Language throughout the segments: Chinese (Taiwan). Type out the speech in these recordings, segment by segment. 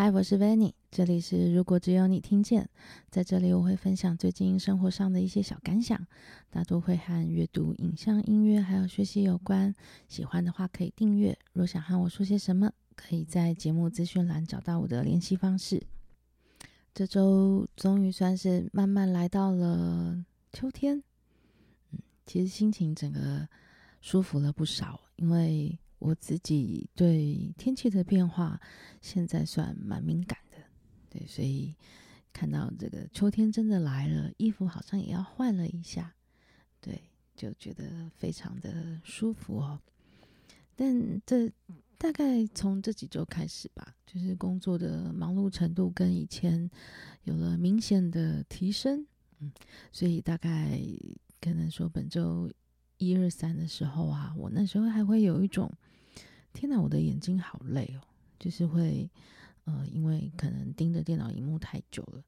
嗨，Hi, 我是 Vanny，這裡是如果只有你聽見。在這裡，我會分享最近生活上的一些小感想，大多會和閱讀、影像、音樂還有學習有關。喜歡的話可以訂閱。若想和我說些什麼，可以在節目資訊欄找到我的聯繫方式。這周終於算是慢慢來到了秋天，嗯，其實心情整個舒服了不少，因為。我自己對天氣的變化現在算蠻敏感的，對，所以看到這個秋天真的來了，衣服好像也要換了一下，對，就覺得非常的舒服哦。但這大概從這幾周開始吧，就是工作的忙碌程度跟以前有了明顯的提升，嗯，所以大概可能說本周。一二三的時候啊，我那時候還會有一種，天哪，我的眼睛好累哦，就是會，呃，因為可能盯着電腦熒幕太久了。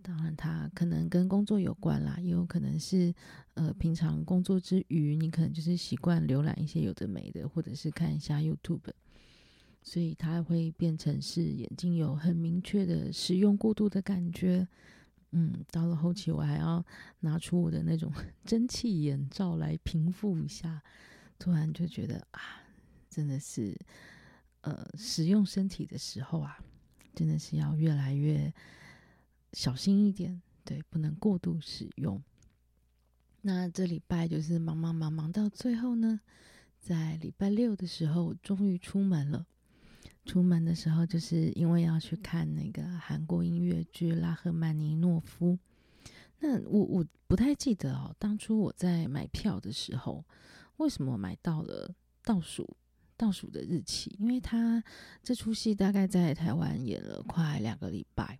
當然，它可能跟工作有關啦，也有可能是，呃，平常工作之餘，你可能就是習慣瀏覽一些有的沒的，或者是看一下 YouTube，所以它會變成是眼睛有很明確的使用過度的感覺。嗯，到了後期我還要拿出我的那種蒸汽眼罩來平復一下，突然就覺得啊，真的是，呃，使用身體的時候啊，真的是要越來越小心一點，對，不能過度使用。那這禮拜就是忙忙忙忙到最後呢，在禮拜六的時候終於出門了。出門的時候，就是因為要去看那個韓國音樂劇《拉赫曼尼諾夫》。那我我不太記得哦，當初我在買票的時候，為什麼買到了倒數倒數的日期？因為他這出戲大概在台灣演了快兩個禮拜，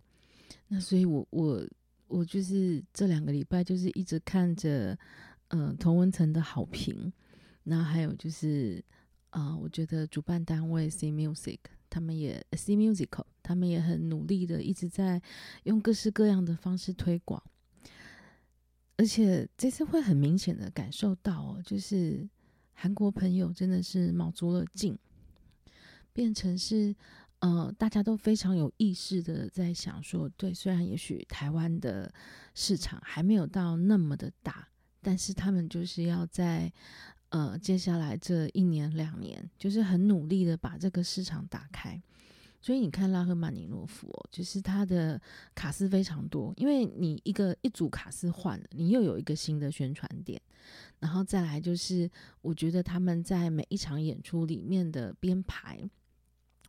那所以我，我我我就是這兩個禮拜就是一直看着嗯同溫層的好評，然後還有就是。啊、呃，我覺得主辦單位 C Music，他們也、A、C Musical，他們也很努力的，一直在用各式各樣的方式推廣，而且這次會很明顯的感受到、哦，就是韓國朋友真的是卯足了勁，變成是呃，大家都非常有意識的在想說，對，雖然也許台灣的市場還沒有到那麼的大，但是他們就是要在。呃，接下來這一年兩年，就是很努力的把這個市場打開。所以你看，拉赫曼尼諾夫，哦，就是他的卡斯非常多，因為你一個，一組卡斯換了，你又有一個新的宣傳點。然後再來就是，我覺得他們在每一場演出裡面的編排，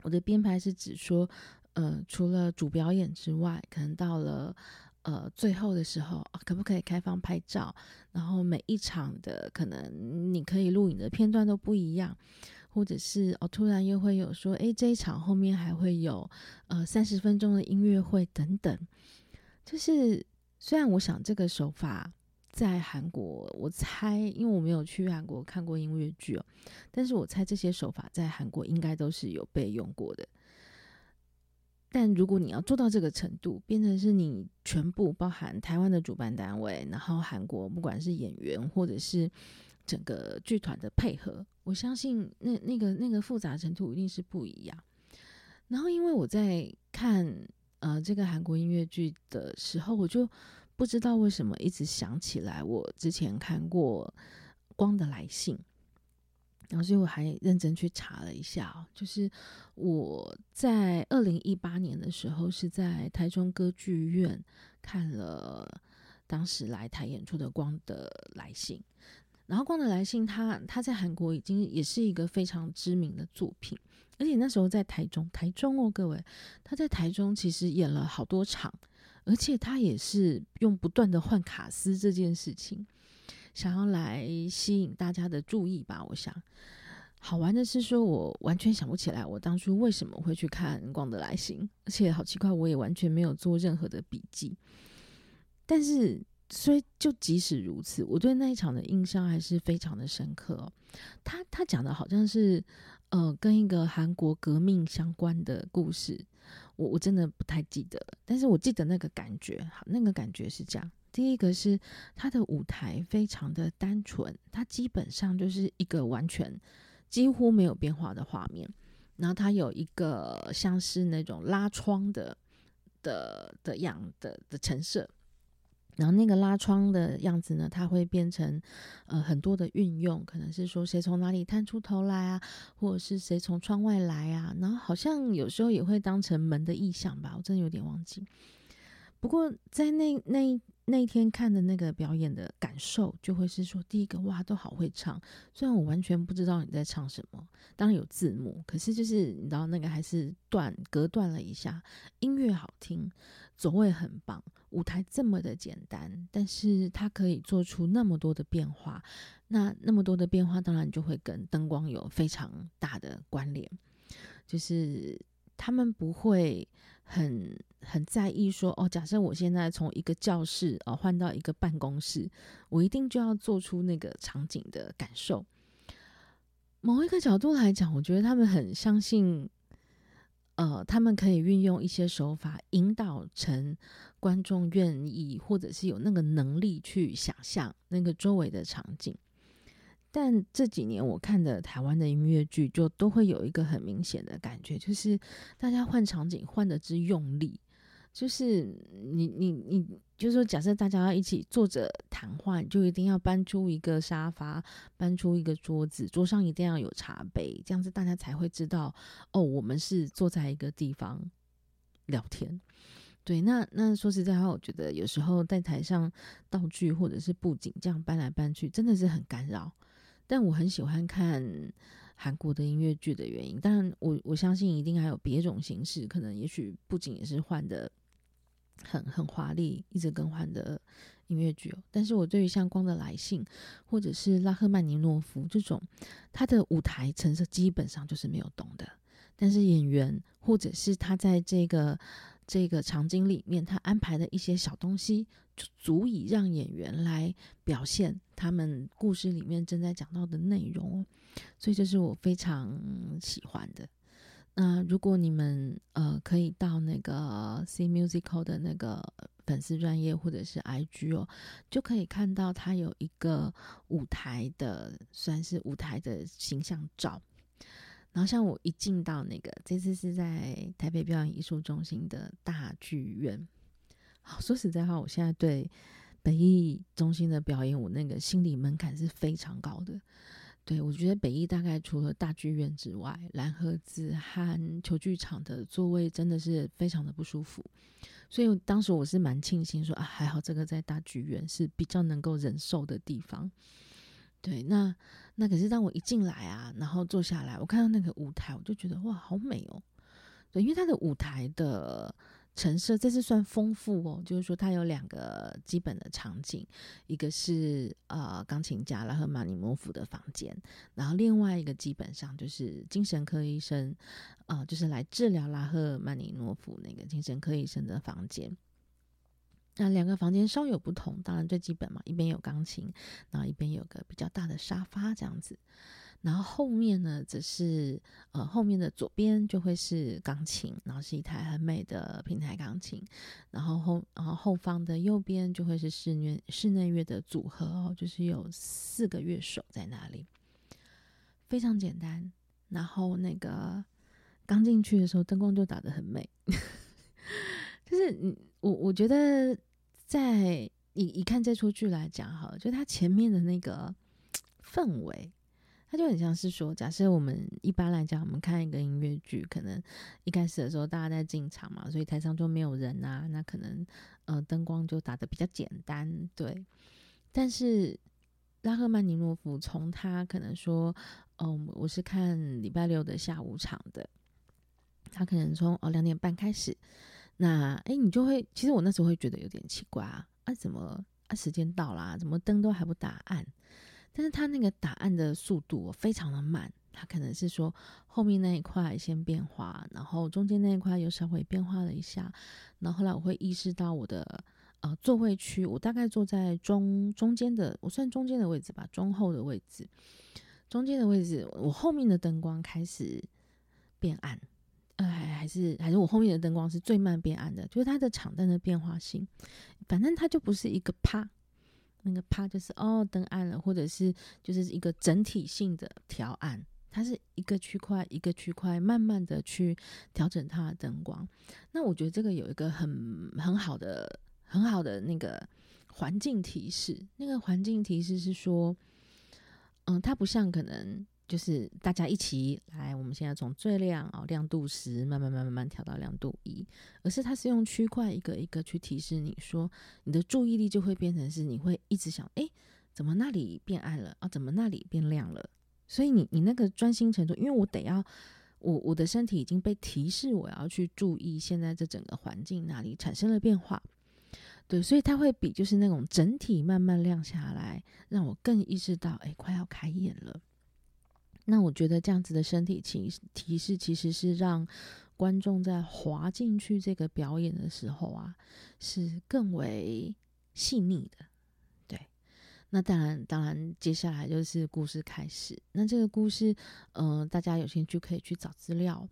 我的編排是指說，呃，除了主表演之外，可能到了。呃，最後的時候可不可以開放拍照？然後每一場的可能你可以錄影的片段都不一樣，或者是哦，突然又會有說，欸，這一場後面還會有呃三十分鐘的音樂會等等。就是雖然我想這個手法在韓國，我猜，因為我沒有去韓國看過音樂劇哦，但是我猜這些手法在韓國應該都是有被用過的。但如果你要做到這個程度，變成是你全部包含台灣的主辦單位，然後韓國不管是演員或者是整個劇團的配合，我相信那那個那個複雜程度一定是不一樣。然後因為我在看呃這個韓國音樂劇的時候，我就不知道為什麼一直想起來我之前看過《光的來信》。然後，所以我還認真去查了一下，就是我在二零一八年的時候是在台中歌劇院看了當時來台演出的《光的來信》，然後光《光的來信》，他他在韓國已經也是一個非常知名的作品，而且那時候在台中，台中哦，各位，他在台中其實演了好多場，而且他也是用不斷的換卡司這件事情。想要來吸引大家的注意吧，我想。好玩的是，說我完全想不起來我當初為什麼會去看《光的來信》，而且好奇怪，我也完全沒有做任何的筆記。但是，所以就即使如此，我對那一場的印象還是非常的深刻哦。他他講的好像是，呃，跟一個韓國革命相關的故事。我我真的不太記得了，但是我記得那個感覺，好，那個感覺是這樣。第一個是它的舞台非常的單純，它基本上就是一個完全幾乎沒有變化的畫面。然後它有一個像是那種拉窗的的的樣的的陳設，然後那個拉窗的樣子呢，它會變成呃很多的運用，可能是說誰從哪裡探出頭來啊，或者是誰從窗外來啊。然後好像有時候也會當成門的意象吧，我真的有點忘記。不過在那那。那一天看的那個表演的感受，就會是說，第一個哇，都好會唱，雖然我完全不知道你在唱什麼，當然有字幕，可是就是你知道那個還是斷隔斷了一下，音樂好聽，走位很棒，舞台這麼的簡單，但是它可以做出那麼多的變化，那那麼多的變化當然就會跟燈光有非常大的關聯，就是。他們不會很很在意說哦，假設我現在從一個教室哦，換到一個辦公室，我一定就要做出那個場景的感受。某一個角度來講，我覺得他們很相信，呃，他們可以運用一些手法引導成觀眾願意，或者是有那個能力去想象那個周圍的場景。但這幾年我看的台灣的音樂劇，就都會有一個很明顯的感覺，就是大家換場景換得之用力，就是你你你，你就是說假設大家要一起坐着談話，就一定要搬出一個沙發，搬出一個桌子，桌上一定要有茶杯，這樣子大家才會知道哦，我們是坐在一個地方聊天。對，那那說實在話，我覺得有時候在台上道具或者是布景這樣搬來搬去，真的是很干擾。但我很喜歡看韓國的音樂劇的原因，當然我我相信一定還有別種形式，可能也許不僅也是換的很很華麗，一直更換的音樂劇，喔。但是我對於像《光的來信》或者是拉赫曼尼諾夫這種，他的舞台成色基本上就是沒有動的，但是演員或者是他在這個這個場景裡面，他安排的一些小東西就足以讓演員來表現他們故事裡面正在講到的內容，哦，所以這是我非常喜歡的。那、呃、如果你們呃可以到那個 C Musical 的那個粉絲專業或者是 IG 哦，就可以看到它有一個舞台的，算是舞台的形象照。然後像我一進到那個，這次是在台北表演藝術中心的大劇院。好，說實在話，我現在對北藝中心的表演，我那個心理門檻是非常高的。對，我覺得北藝大概除了大劇院之外，藍盒子和球劇場的座位真的是非常的不舒服，所以當時我是蠻慶幸說啊，還好這個在大劇院是比較能夠忍受的地方。對，那那可是當我一進來啊，然後坐下來，我看到那個舞台，我就覺得哇，好美哦、喔。對，因為它的舞台的。成色，這是算豐富哦。就是說，它有兩個基本的場景，一個是呃鋼琴家拉赫曼尼諾夫的房間，然後另外一個基本上就是精神科醫生，呃，就是來治療拉赫曼尼諾夫那個精神科醫生的房間。那兩個房間稍有不同，當然最基本嘛，一邊有鋼琴，然後一邊有個比較大的沙發這樣子。然後後面呢，只是呃，後面的左邊就會是鋼琴，然後是一台很美的平台鋼琴。然後後然後後方的右邊就會是室內室內樂的組合哦，就是有四個樂手在那裡，非常簡單。然後那個剛進去的時候，燈光就打得很美， 就是你我我覺得在，在一一看這出劇來講，哈，就它前面的那個氛圍。他就很像是說，假設，我們一般來講，我們看一個音樂劇，可能一開始的時候大家在進場嘛，所以台上就沒有人啊，那可能呃燈光就打得比較簡單，對。但是拉赫曼尼諾夫從他可能說，嗯、呃，我是看禮拜六的下午場的，他可能從哦兩點半開始，那哎你就會，其實我那時候會覺得有點奇怪啊，啊怎麼啊時間到啦，啊，怎麼燈都還不打暗？但是他那個打暗的速度非常的慢，他可能是說，後面那一塊先變化，然後中間那一塊又稍微變化了一下，然後後來我會意識到我的呃座位區，我大概坐在中中間的，我算中間的位置吧，中後的位置，中間的位置，我後面的燈光開始變暗，哎、呃，還是還是我後面的燈光是最慢變暗的，就是它的場燈的變化性，反正它就不是一個啪。那個啪就是哦，燈暗了，或者是就是一個整體性的調暗，它是一個區塊一個區塊慢慢的去調整它的燈光。那我覺得這個有一個很很好的很好的那個環境提示，那個環境提示是說，嗯，它不像可能。就是大家一起來，我們現在從最亮喔，亮度十慢慢慢慢慢調到亮度一，而是它是用區塊一個一個去提示你說，你的注意力就會變成是你會一直想，欸，怎麼那裡變暗了啊？怎麼那裡變亮了？所以你你那個專心程度，因為我得要我我的身體已經被提示我要去注意現在這整個環境哪裡產生了變化，對，所以它會比就是那種整體慢慢亮下來，讓我更意識到，欸，快要開眼了。那我覺得這樣子的身體提提示其實是讓觀眾在滑進去這個表演的時候啊，是更為細膩的。對，那當然，當然接下來就是故事開始。那這個故事，嗯、呃，大家有興趣可以去找資料。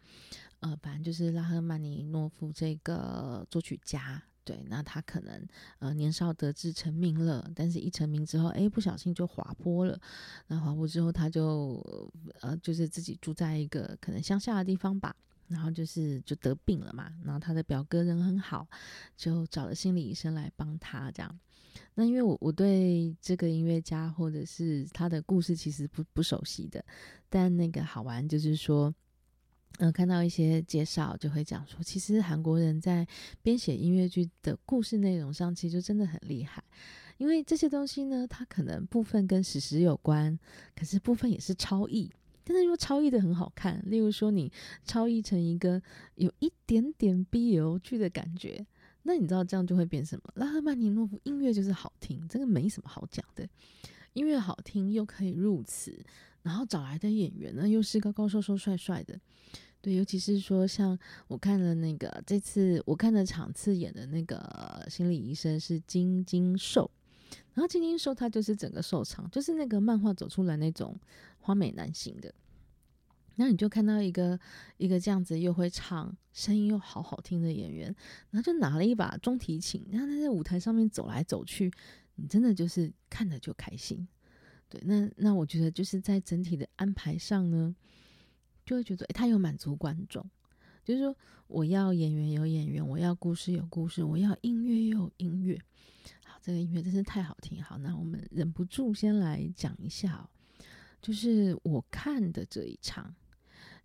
呃，反正就是拉赫曼尼諾夫這個作曲家。對，那他可能呃年少得志成名了，但是，一成名之後，哎，不小心就滑坡了。那滑坡之後，他就呃就是自己住在一個可能鄉下的地方吧，然後就是就得病了嘛。然後他的表哥人很好，就找了心理醫生來幫他這樣。那因為我我對這個音樂家或者是他的故事其實不不熟悉的，但那個好玩就是說。嗯、呃，看到一些介紹就會講說，其實韓國人在編寫音樂劇的故事內容上，其實就真的很厲害。因為這些東西呢，它可能部分跟史實有關，可是部分也是超譯，但是又超譯的很好看。例如說，你超譯成一個有一點點 BE 劇的感覺，那你知道這樣就會變什麼？拉赫曼尼諾夫音樂就是好聽，這個沒什麼好講的。音樂好聽又可以入詞。然後找來的演員呢，又是高高瘦瘦、帥帥的，對，尤其是說像我看了那個這次我看的場次演的那個心理醫生是金金瘦，然後金金瘦他就是整個瘦長，就是那個漫畫走出來那種花美男型的，那你就看到一個一個這樣子又會唱，聲音又好好聽的演員，然後就拿了一把中提琴，然後他在舞台上面走來走去，你真的就是看着就開心。對，那那我覺得就是在整體的安排上呢，就會覺得哎，它有滿足觀眾，就是說我要演員有演員，我要故事有故事，我要音樂也有音樂。好，這個音樂真是太好聽。好，那我們忍不住先來講一下哦，就是我看的這一場，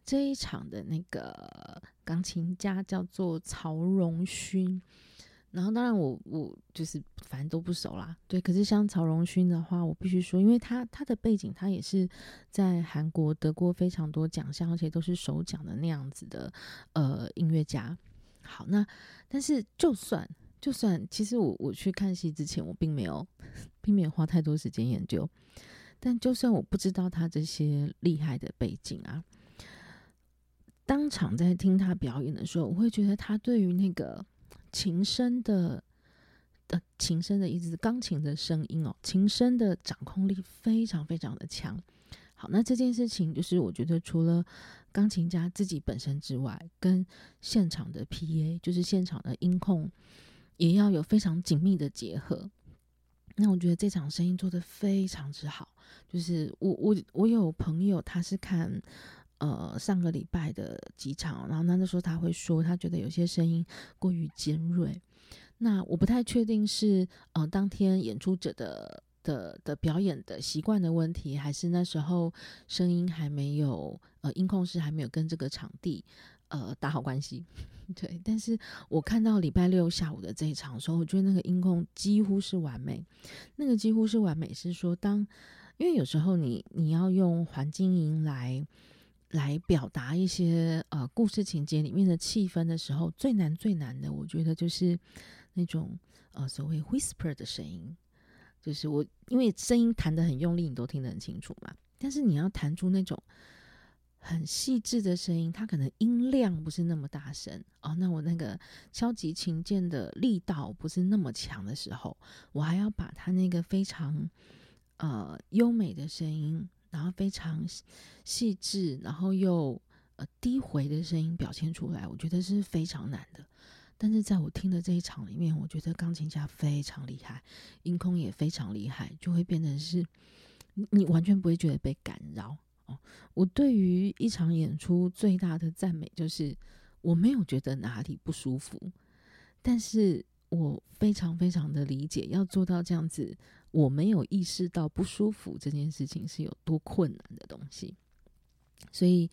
這一場的那個鋼琴家叫做曹榮勳。然後，當然我，我我就是反正都不熟啦。對，可是像曹榮勳的話，我必須說，因為他他的背景，他也是在韓國得過非常多獎項，而且都是首獎的那樣子的呃音樂家。好，那但是就算就算，其實我我去看戲之前，我並沒有並沒有花太多時間研究，但就算我不知道他這些厲害的背景啊，當場在聽他表演的時候，我會覺得他對於那個。琴聲的，呃，琴聲的意思是鋼琴的聲音哦。琴聲的掌控力非常非常的強。好，那這件事情就是我覺得除了鋼琴家自己本身之外，跟現場的 PA，就是現場的音控，也要有非常緊密的結合。那我覺得這場聲音做得非常之好。就是我我我有朋友，他是看。呃，上個禮拜的幾場，然後那時候他會說，他覺得有些聲音過於尖銳。那我不太確定是呃，當天演出者的的的表演的習慣的問題，還是那時候聲音還沒有呃，音控室還沒有跟這個場地呃打好關係。 對，但是我看到禮拜六下午的這一場的時候，我覺得那個音控幾乎是完美。那個幾乎是完美，是說當因為有時候你你要用環境音來。來表達一些呃故事情節裡面的氣氛的時候，最難最難的，我覺得就是那種呃所謂 whisper 的聲音，就是我因為聲音彈得很用力，你都聽得很清楚嘛。但是你要彈出那種很細緻的聲音，它可能音量不是那麼大聲哦。那我那個敲擊琴鍵的力道不是那麼強的時候，我還要把它那個非常呃優美的聲音。然後非常細緻，然後又呃低回的聲音表現出來，我覺得是非常難的。但是在我聽的這一場裡面，我覺得鋼琴家非常厲害，音控也非常厲害，就會變成是你完全不會覺得被干擾。哦，我對於一場演出最大的讚美就是我沒有覺得哪裡不舒服，但是我非常非常的理解要做到這樣子。我沒有意識到不舒服這件事情是有多困難的東西，所以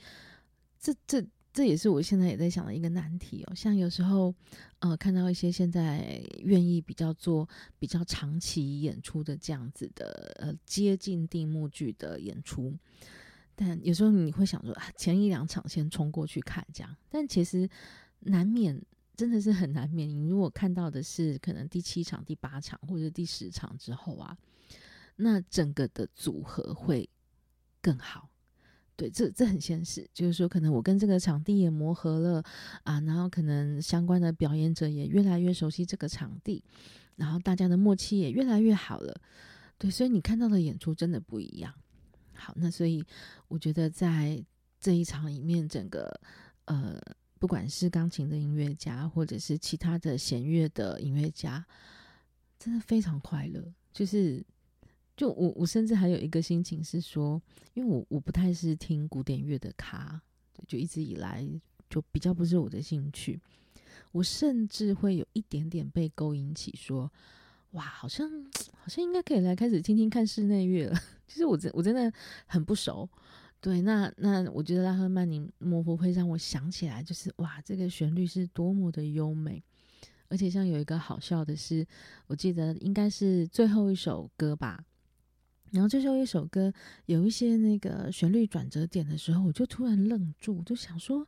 這這這也是我現在也在想的一個難題哦。像有時候，呃，看到一些現在願意比較做比較長期演出的這樣子的，呃，接近定目劇的演出，但有時候你會想說，啊，前一兩場先衝過去看這樣，但其實難免。真的是很難免。如果看到的是可能第七場、第八場或者第十場之後啊，那整個的組合會更好。對，這這很現實，就是說可能我跟這個場地也磨合了啊，然後可能相關的表演者也越來越熟悉這個場地，然後大家的默契也越來越好了。對，所以你看到的演出真的不一樣。好，那所以我覺得在這一場裡面，整個呃。不管是鋼琴的音樂家，或者是其他的弦樂的音樂家，真的非常快樂。就是，就我我甚至還有一個心情是說，因為我我不太是聽古典樂的咖，就一直以來就比較不是我的興趣。我甚至會有一點點被勾引起說，說哇，好像好像應該可以來開始聽聽看室內樂了。其 實我真我真的很不熟。對，那那我覺得拉赫曼尼諾夫會讓我想起來，就是哇，這個旋律是多麼的優美，而且像有一個好笑的是，我記得應該是最後一首歌吧，然後最後一首歌有一些那個旋律轉折點的時候，我就突然愣住，就想說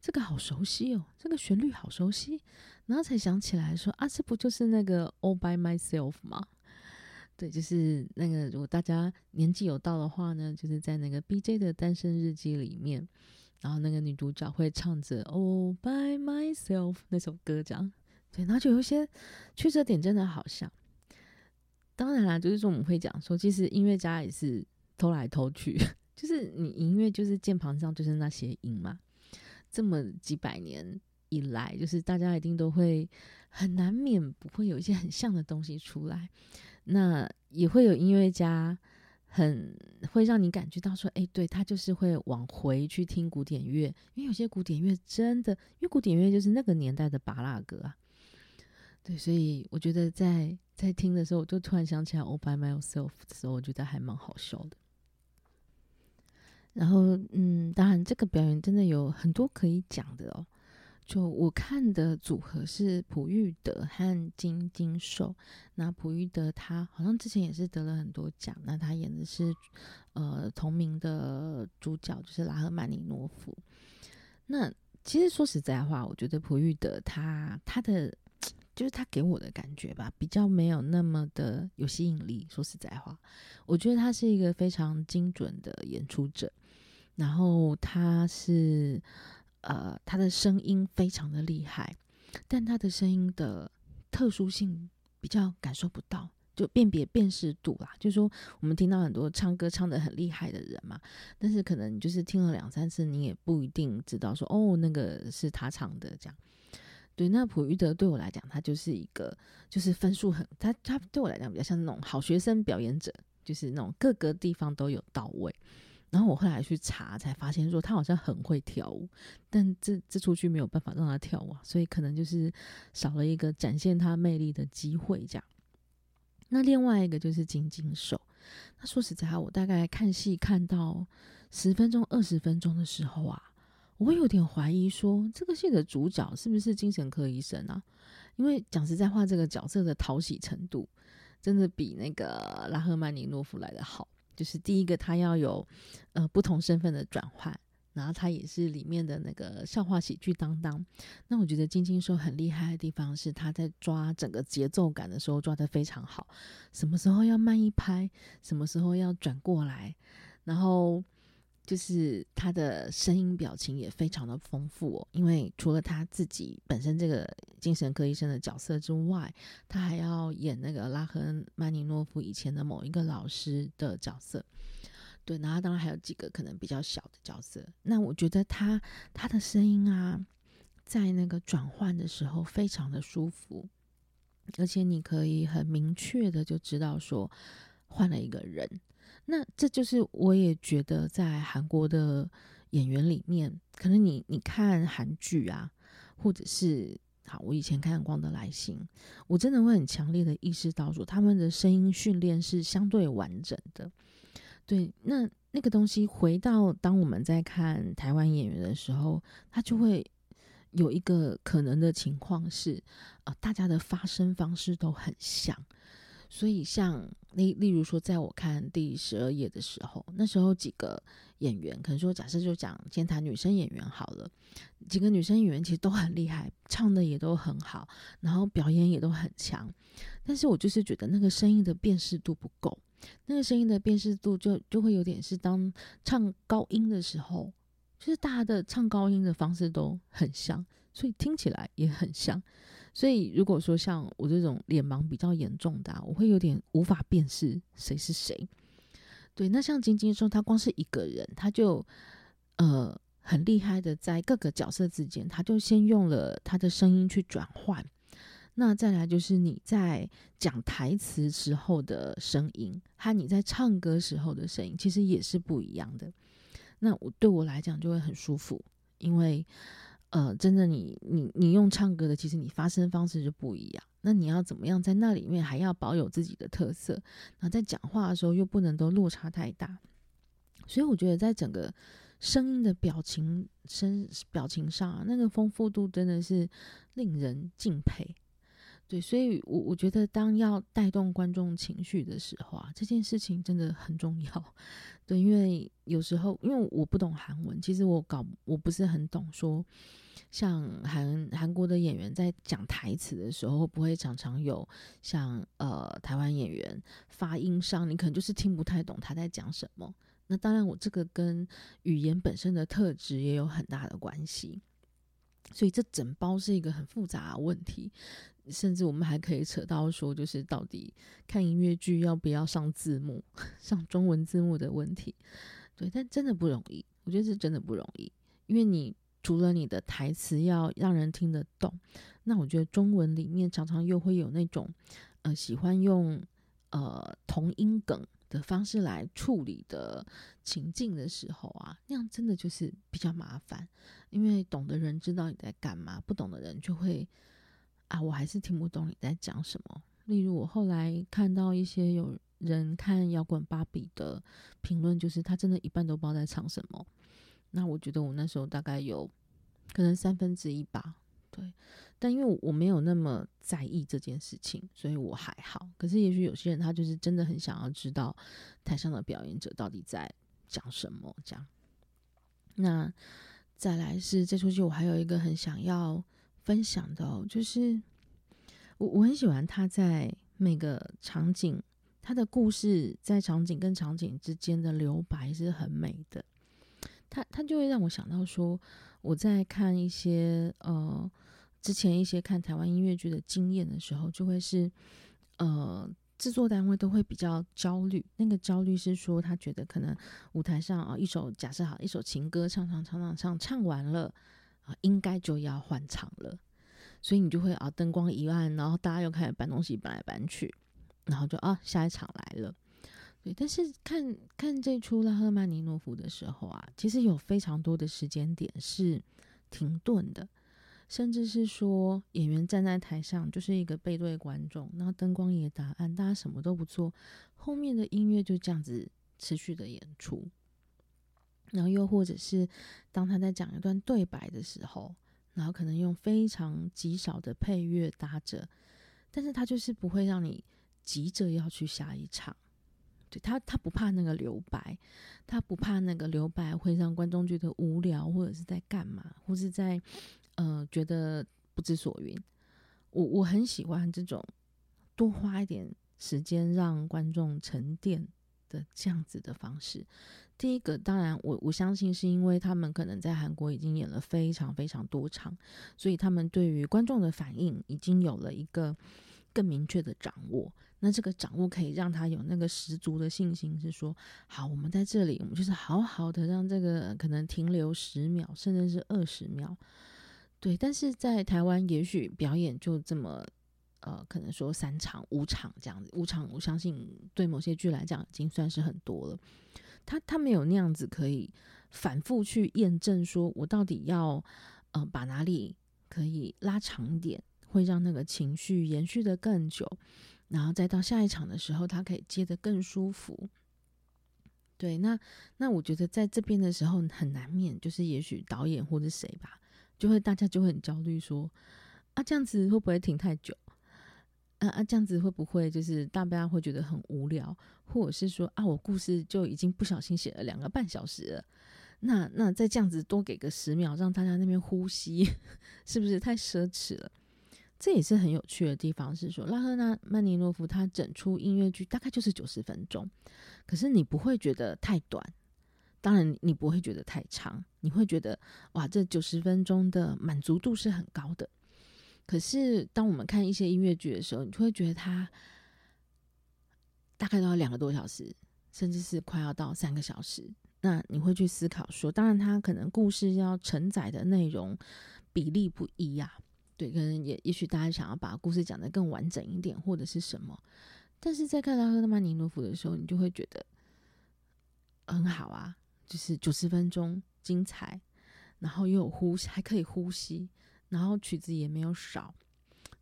這個好熟悉哦，這個旋律好熟悉，然後才想起來說啊，這不就是那個《All by Myself》嗎？對，就是那個，如果大家年紀有到的話呢，就是在那個 BJ 的單身日記裡面，然後那個女主角會唱着《All by Myself》那首歌，這樣。對，然後就有一些曲折點，真的好笑。當然啦，就是說我們會講說，其實音樂家也是偷來偷去，就是你音樂就是鍵盤上就是那些音嘛，這麼幾百年。以來，就是大家一定都會很難免不會有一些很像的東西出來，那也會有音樂家很會讓你感覺到說：“哎，對，他就是會往回去聽古典樂，因為有些古典樂真的，因為古典樂就是那個年代的芭樂歌啊。”對，所以我覺得在在聽的時候，我就突然想起來《All by Myself》的時候，我覺得還蠻好笑的。然後，嗯，當然這個表演真的有很多可以講的哦。就我看的組合是朴玉德和金金壽。那朴玉德他好像之前也是得了很多獎。那他演的是，呃，同名的主角就是拉赫曼尼諾夫。那其實說實在話，我覺得朴玉德他他的就是他給我的感覺吧，比較沒有那麼的有吸引力。說實在話，我覺得他是一個非常精準的演出者。然後他是。呃，他的聲音非常的厲害，但他的聲音的特殊性比較感受不到，就辨別辨識度啦。就說我們聽到很多唱歌唱得很厲害的人嘛，但是可能你就是聽了兩三次，你也不一定知道說哦，那個是他唱的這樣。對，那普玉德對我來講，他就是一個就是分數很，他他對我來講比較像那種好學生表演者，就是那種各個地方都有到位。然後我後來去查，才發現說他好像很會跳舞，但這這齣劇沒有辦法讓他跳舞、啊，所以可能就是少了一個展現他魅力的機會。這樣，那另外一個就是金金手。那說實在話，我大概看戲看到十分鐘、二十分鐘的時候啊，我會有點懷疑說這個戲的主角是不是精神科醫生啊？因為講實在話，這個角色的討喜程度真的比那個拉赫曼尼諾夫來得好。就是第一個，他要有呃不同身份的轉換，然後他也是裡面的那個笑話喜劇擔當。那我覺得晶晶說很厲害的地方是，他在抓整個節奏感的時候抓得非常好，什麼時候要慢一拍，什麼時候要轉過來，然後。就是他的聲音表情也非常的豐富哦，因為除了他自己本身這個精神科醫生的角色之外，他還要演那個拉赫曼尼諾夫以前的某一個老師的角色，對，然後當然還有幾個可能比較小的角色。那我覺得他他的聲音啊，在那個轉換的時候非常的舒服，而且你可以很明確的就知道說，換了一個人。那這就是，我也覺得在韓國的演員裡面，可能你你看韓劇啊，或者是好，我以前看《過的來信》，我真的會很強烈的意識到說，他們的聲音訓練是相對完整的。對，那那個東西回到當我們在看台灣演員的時候，他就會有一個可能的情況是，啊、呃，大家的發聲方式都很像。所以像，像例例如說，在我看第十二頁的時候，那時候幾個演員，可能說假設就講先談女生演員好了，幾個女生演員其實都很厲害，唱的，也都很好，然後表演也都很強，但是我就是覺得那個聲音的辨識度不夠，那個聲音的辨識度就就會有點是當唱高音的時候，就是大家的唱高音的方式都很像，所以聽起來也很像。所以，如果說像我這種臉盲比較嚴重的，啊，我會有點無法辨識誰是誰。對，那像晶晶說，他光是一個人，他就呃很厲害的在各個角色之間，他就先用了他的聲音去轉換。那再來就是你在講台詞時候的聲音和你在唱歌時候的聲音，其實也是不一樣的。那我對我來講就會很舒服，因為。呃，真的你，你你你用唱歌的，其實你發聲方式就不一樣。那你要怎麼樣在那裡面還要保有自己的特色？那在講話的時候又不能都落差太大。所以我覺得在整個聲音的表情、聲表情上啊，那個豐富度真的是令人敬佩。對，所以我，我我覺得，當要帶動觀眾情緒的時候啊，這件事情真的很重要。對，因為有時候，因為我不懂韓文，其實我搞我不是很懂說，說像韓韓國的演員在講台詞的時候，不會常常有像呃台灣演員發音上，你可能就是聽不太懂他在講什麼。那當然，我這個跟語言本身的特質也有很大的關係。所以這整包是一個很複雜的問題，甚至我們還可以扯到說，就是到底看音樂劇要不要上字幕，上中文字幕的問題。對，但真的不容易，我覺得是真的不容易，因為你除了你的台詞要讓人聽得懂，那我覺得中文裡面常常又會有那種，呃，喜歡用呃同音梗。的方式來處理的情境的時候啊，那樣真的就是比較麻煩，因為懂的人知道你在幹嘛，不懂的人就會啊，我還是聽不懂你在講什麼。例如我後來看到一些有人看搖滾芭比的評論，就是他真的一半都不知道在唱什麼。那我覺得我那時候大概有可能三分之一吧。對，但因為我，我沒有那麼在意這件事情，所以我還好。可是也許有些人他就是真的很想要知道台上的表演者到底在講什麼這樣。那再來是這出戲，我還有一個很想要分享的哦，就是我我很喜歡他在每個場景，他的故事在場景跟場景之間的留白是很美的。他他就會讓我想到說，我在看一些呃。之前一些看台灣音樂劇的經驗的時候，就會是，呃，製作單位都會比較焦慮。那個焦慮是說，他覺得可能舞台上啊、呃，一首假設好一首情歌唱，唱唱唱唱唱唱完了啊、呃，應該就要換場了。所以你就會啊，燈、呃、光一暗，然後大家又開始搬東西搬來搬去，然後就啊，下一場來了。對，但是看看這出拉赫曼尼諾夫的時候啊，其實有非常多的時間點是停頓的。甚至是說，演員站在台上就是一個背對觀眾，然後燈光也打暗，大家什麼都不做，後面的音樂就這樣子持續的演出。然後又或者是當他在講一段對白的時候，然後可能用非常極少的配樂搭着，但是他就是不會讓你急着要去下一場。對，他，他不怕那個留白，他不怕那個留白會讓觀眾覺得無聊，或者是在幹嘛，或是在。呃，覺得不知所云。我，我很喜歡這種多花一點時間讓觀眾沉澱的這樣子的方式。第一個，當然我我相信是因為他們可能在韓國已經演了非常非常多場，所以他們對於觀眾的反應已經有了一個更明確的掌握。那這個掌握可以讓他有那個十足的信心，是說好，我們在這裡，我們就是好好的讓這個可能停留十秒，甚至是二十秒。對，但是在台灣，也許表演就這麼，呃，可能說三場、五場這樣子，五場我相信對某些劇來講已經算是很多了。他他沒有那樣子可以反覆去驗證，說我到底要呃把哪裡可以拉長一點，會讓那個情緒延續得更久，然後再到下一場的時候，他可以接得更舒服。對，那那我覺得在這邊的時候很難免，就是也許導演或者誰吧。就會大家就會很焦慮說，說啊這樣子會不會停太久？啊啊這樣子會不會就是大家會覺得很無聊，或者是說啊我故事就已經不小心寫了兩個半小時了，那那再這樣子多給個十秒讓大家那邊呼吸，是不是太奢侈了？這也是很有趣的地方，是說拉赫曼尼諾夫他整出音樂劇大概就是九十分鐘，可是你不會覺得太短。當然，你不會覺得太長，你會覺得哇，這九十分鐘的滿足度是很高的。可是，當我們看一些音樂劇的時候，你就會覺得它大概都要兩個多小時，甚至是快要到三個小時。那你會去思考說，當然，它可能故事要承載的內容比例不一樣，啊、對，可能也也許大家想要把故事講得更完整一點，或者是什麼。但是在看到《到和他曼尼諾夫》的時候，你就會覺得很好啊。就是九十分鐘精彩，然後又有呼吸，還可以呼吸，然後曲子也沒有少，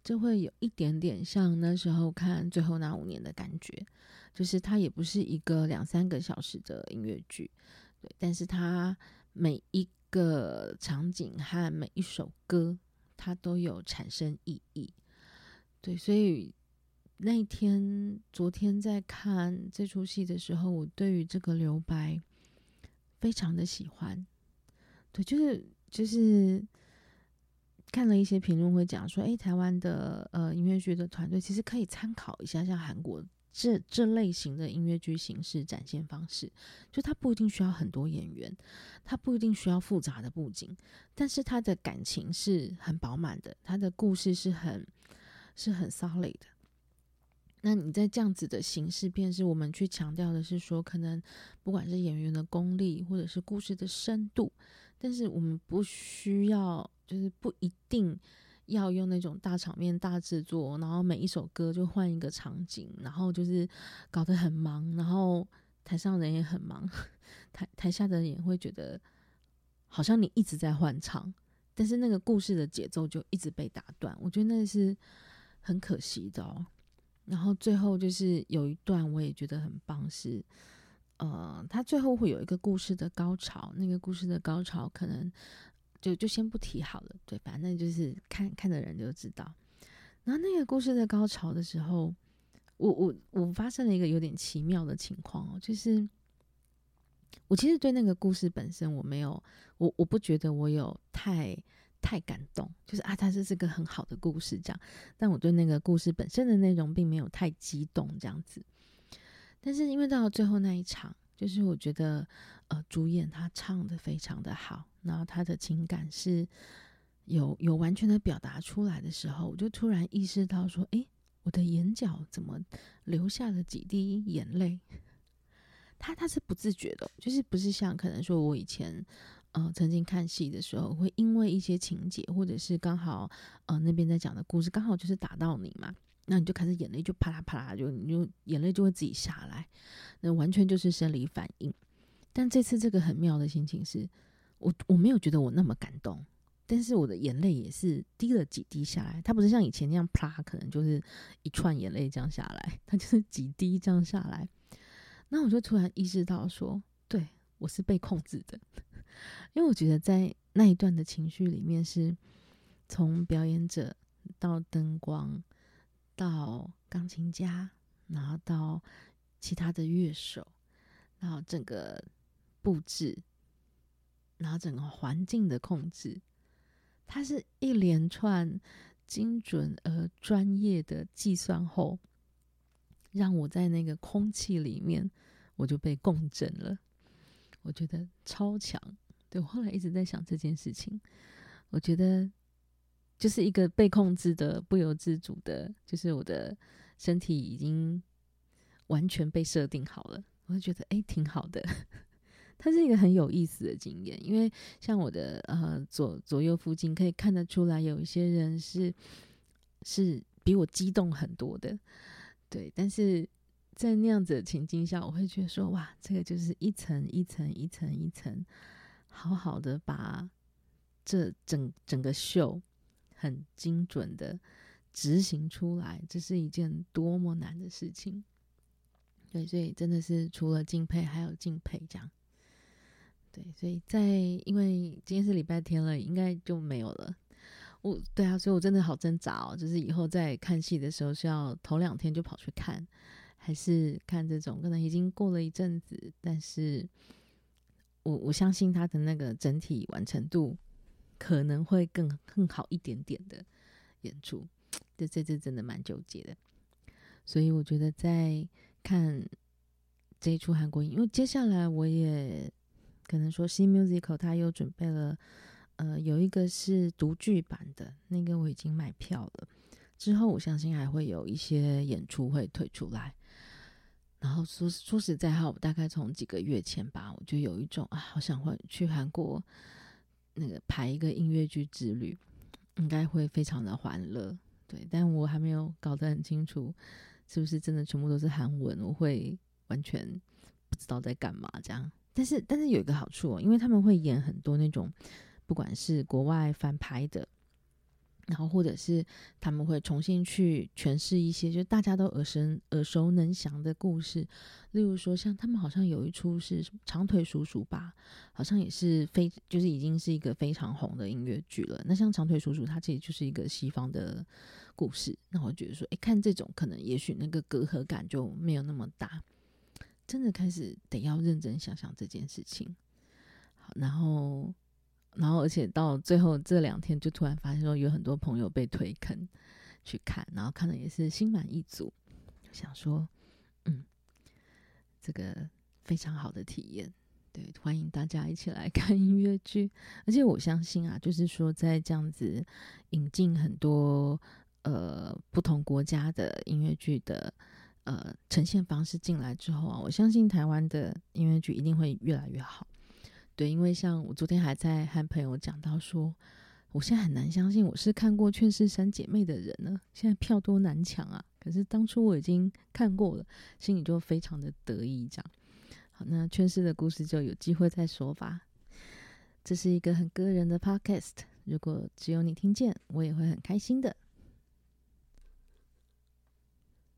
就會有一點點像那時候看最後那五年的感覺。就是它也不是一個兩三個小時的音樂劇，對，但是它每一個場景和每一首歌，它都有產生意義。對，所以那一天昨天在看這出戲的時候，我對於這個留白。非常的喜歡，對，就是就是看了一些評論會講說，哎，台灣的呃音樂劇的團隊其實可以參考一下，像韓國這這類型的音樂劇形式展現方式，就他不一定需要很多演員，他不一定需要複雜的布景，但是他的感情是很飽滿的，他的故事是很是很 solid 的。那你在這樣子的形式，便是我們去強調的是說，可能不管是演員的功力，或者是故事的深度，但是我們不需要，就是不一定要用那種大場面、大製作，然後每一首歌就換一個場景，然後就是搞得很忙，然後台上人也很忙，台台下的人也會覺得好像你一直在換唱，但是那個故事的節奏就一直被打斷，我覺得那是很可惜的哦。然後最後就是有一段我也覺得很棒，是，呃，他最後會有一個故事的高潮，那個故事的高潮可能就就先不提好了，對吧，反正就是看，看看的人就知道。然後那個故事的高潮的時候，我我我發生了一個有點奇妙的情況哦，就是我其實對那個故事本身我沒有，我我不覺得我有太。太感動，就是啊，他這是個很好的故事，這樣。但我對那個故事本身的內容並沒有太激動，這樣子。但是因為到了最後那一場，就是我覺得，呃，主演他唱得非常的好，然後他的情感是有，有有完全的表達出來的時候，我就突然意識到說，誒、欸，我的眼角怎麼流下了幾滴眼淚？他他是不自覺的，就是不是像可能說我以前。呃，曾經看戲的時候，會因為一些情節，或者是剛好呃那邊在講的故事，剛好就是打到你嘛，那你就開始眼淚就啪啦啪啦，就你就眼淚就會自己下來，那完全就是生理反應。但這次這個很妙的心情是，我我沒有覺得我那麼感動，但是我的眼淚也是滴了幾滴下來，它不是像以前那樣啪，可能就是一串眼淚這樣下來，它就是幾滴這樣下來。那我就突然意識到說，對，我是被控制的。因為我覺得在那一段的情緒裡面，是從表演者到燈光，到鋼琴家，然後到其他的樂手，然後整個布置，然後整個環境的控制，它是一連串精準而專業的計算後，讓我在那個空氣裡面，我就被共振了。我覺得超強。對，我後來一直在想這件事情，我覺得就是一個被控制的、不由自主的，就是我的身體已經完全被設定好了。我會覺得，誒，挺好的。它是一個很有意思的經驗，因為像我的呃左左右附近可以看得出來，有一些人是是比我激動很多的。對，但是在那樣子的情境下，我會覺得說，哇，這個就是一層一層一層一層。一層一層好好的把這整整個秀很精準的執行出來，這是一件多麼難的事情。對，所以真的是除了敬佩，還有敬佩這樣。對，所以在因為今天是禮拜天了，應該就沒有了。我、哦，對啊，所以我真的好掙扎哦。就是以後在看戲的時候，是要頭兩天就跑去看，還是看這種，可能已經過了一陣子，但是。我我相信他的那個整體完成度可能會更更好一點點的演出，這這這真的蠻糾結的。所以我覺得在看這一出韓國音，因為接下來我也可能說新 musical，他又準備了，呃，有一個是獨劇版的，那個我已經買票了。之後我相信還會有一些演出會推出來。然後說說實在話，我大概從幾個月前吧，我就有一種啊，好想回去韓國那個排一個音樂劇之旅，應該會非常的歡樂，對。但我還沒有搞得很清楚，是不是真的全部都是韓文，我會完全不知道在幹嘛這樣。但是但是有一個好處哦，因為他們會演很多那種，不管是國外翻拍的，然後，或者是他們會重新去詮釋一些，就是大家都耳熟耳熟能詳的故事，例如說，像他們好像有一出是《長腿叔叔》吧，好像也是非，就是已經是一個非常紅的音樂劇了。那像《長腿叔叔》，他其實就是一個西方的故事，那我覺得說，哎，看這種，可能也許那個隔閡感就沒有那麼大，真的開始得要認真想想這件事情。好，然後。然後，而且到最後這兩天，就突然發現說，有很多朋友被推坑去看，然後看的也是心滿意足，想說，嗯，這個非常好的體驗。對，歡迎大家一起來看音樂劇。而且我相信啊，就是說在這樣子引進很多呃不同國家的音樂劇的呃呈現方式進來之後啊，我相信台灣的音樂劇一定會越來越好。對，因為像我昨天還在和朋友講到說，我現在很難相信我是看過《勸世三姐妹》的人呢。現在票多難搶啊！可是當初我已經看過了，心裡就非常的得意這樣。好，那勸世的故事就有機會再說吧。這是一個很個人的 podcast，如果只有你聽見，我也會很開心的。